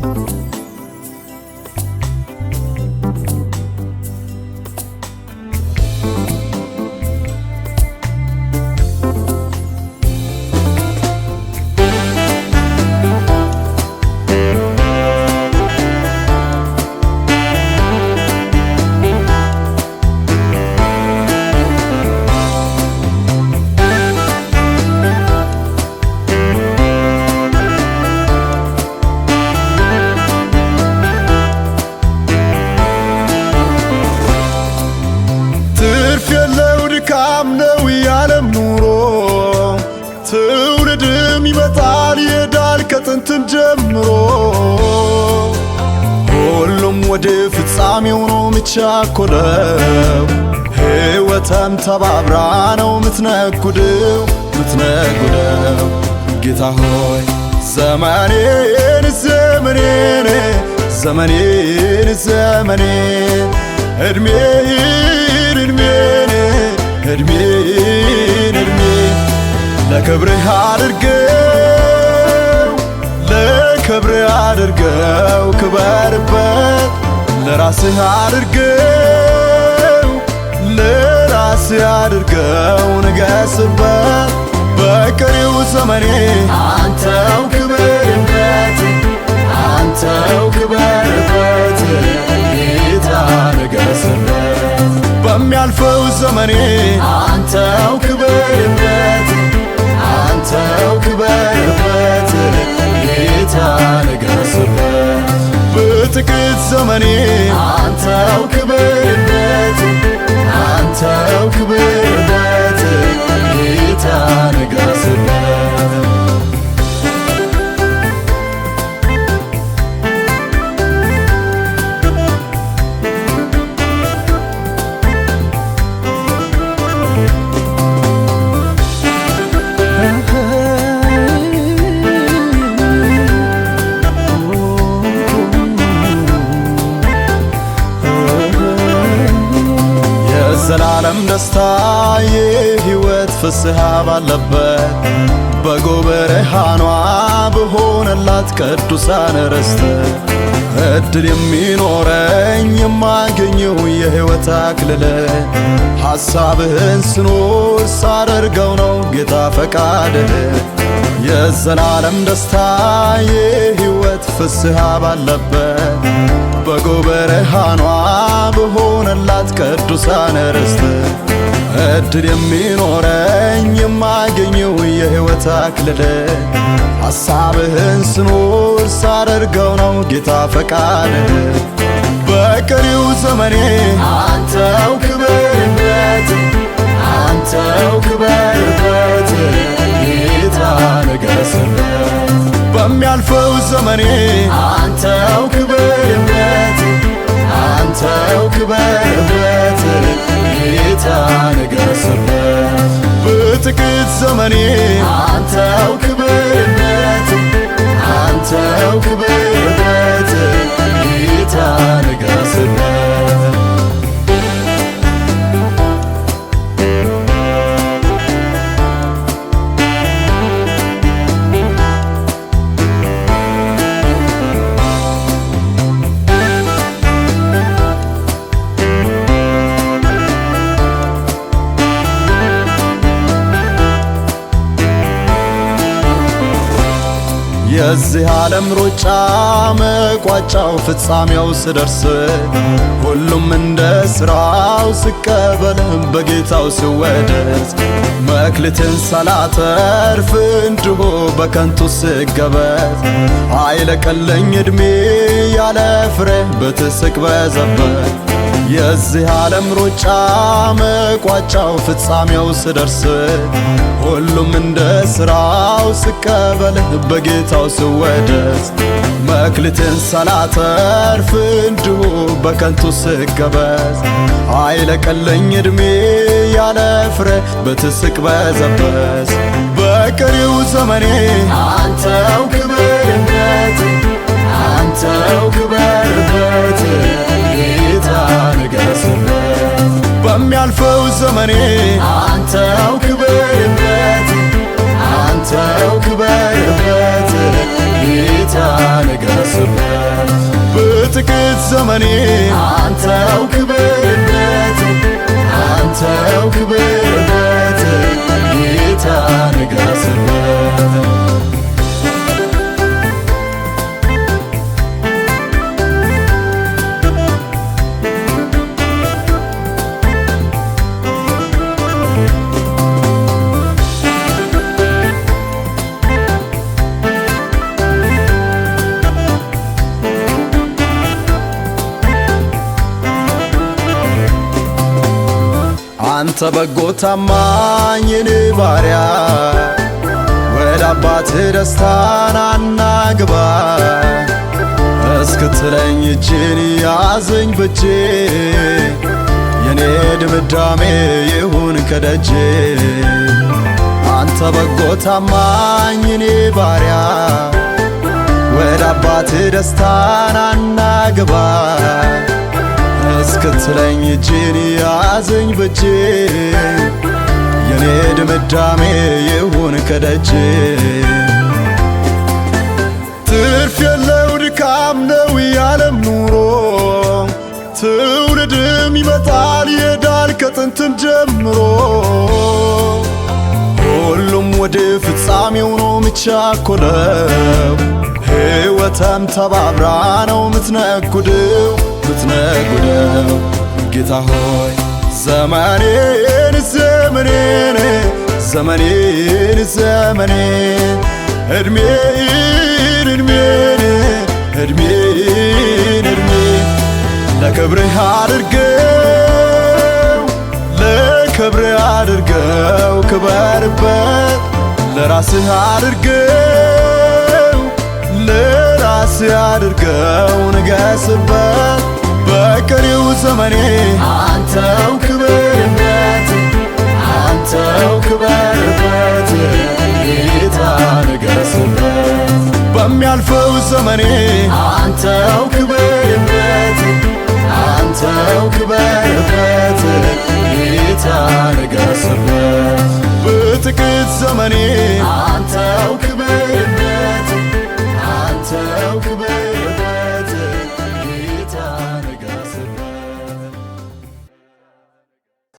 Thank you. ከጥንትም ጀምሮ ሁሉም ወደ ፍጻሜው ነው የሚቻኮለው። ሕይወተም ተባብራ ነው ምትነጉድው ምትነጉደው ጌታ ሆይ ዘመኔን ዘመኔን ዘመኔን ዘመኔን ዕድሜን ዕድሜን ዕድሜን ዕድሜ ለክብርህ አድርገን ክብር አድርገው ክበርበት ለራስህ አድርገው ለራስህ አድርገው ንገስበት በቀሪው ዘመኔ አንተው ክበርበት አንተው ክበርበት ጌታ ንገስበት በሚያልፈው ዘመኔ አንተው ከኔ አንተው የህይወት ፍስሃ ባለበት በጎበረሃኗ በሆነላት ቅዱሳን ርስት እድል የሚኖረኝ የማገኘው የህይወት አክልል ሐሳብህን ስኖር ሳደርገው ነው ጌታ ፈቃድ የዘላለም ደስታ የህይወት ፍስሃ ባለበት በጎበረሃኗ በሆነላት ቅዱሳን ርስት እድል የሚኖረኝ የማገኘው የሕይወት አክልል ሐሳብህን ስኖር ሳደርገው ነው ጌታ ፈቃድ በቀሪው ዘመኔ አንተ zamani የዚህ ዓለም ሩጫ መቋጫው ፍጻሜው ስደርስ ሁሉም እንደ ሥራው ስቀበል በጌታው ስወደስ መክሊትን ሰላተርፍ እንዲሁ በከንቱ ስገበት አይለቀለኝ ዕድሜ ያለ ፍሬ በትስቅ በዘበት የዚህ ዓለም ሩጫ መቋጫው ፍጻሜው ስደርስ ሁሉም እንደ ሥራው ስቀበል በጌታው ስወደስ መክሊቴን ሰላተርፍ እንዲሁ በከንቱ ስገበዝ አይለቀለኝ ዕድሜ ያለ ፍሬ በትስቅ በዘበስ በቀሪው ዘመኔ አንተው ክብርነት ዘመኔ አንተው ክበርበት፣ አንተው ክበርበት፣ ጌታ ንገስበት በጥቂት ዘመኔ አንተው አንተ በጎ ታማኝን ባሪያ ወደ አባት ደስታን አናግባ እስክትለኝ እጅን ያዘኝ በጄ የኔ ድምዳሜ ይሁን ከደጄ አንተ በጎ ታማኝን ባሪያ ወደ አባት ደስታን አናግባ አስከትለኝ እጄን ያዘኝ በጄ የኔ ድምዳሜ ይሁን ከደጄ ትርፍ የለው ድካም ነው ያለም ኑሮ ትውልድም ይመጣል ይሄዳል ከጥንትም ጀምሮ ሁሉም ወደ ፍጻሜው ነው ምቻኮለው ሕይወተም ተባብራ ነው ምትነጉድው ብትነጉደው ጌታ ሆይ ዘመኔን ዘመኔን ዘመኔን ዘመኔን እድሜን እድሜን እድሜን እድሜ ለክብርህ አድርገው ለክብርህ አድርገው ክበርበት ለራስህ አድርገው ዳስ ያድርገው ንገስበት በቀሪው ዘመኔ አንተው ክበርበት አንተው ክበርበት ጌታ ንገስበት በሚያልፈው ዘመኔ አንተው ክበርበት አንተው ክበርበት ጌታ ንገስበት በጥቂት ዘመኔ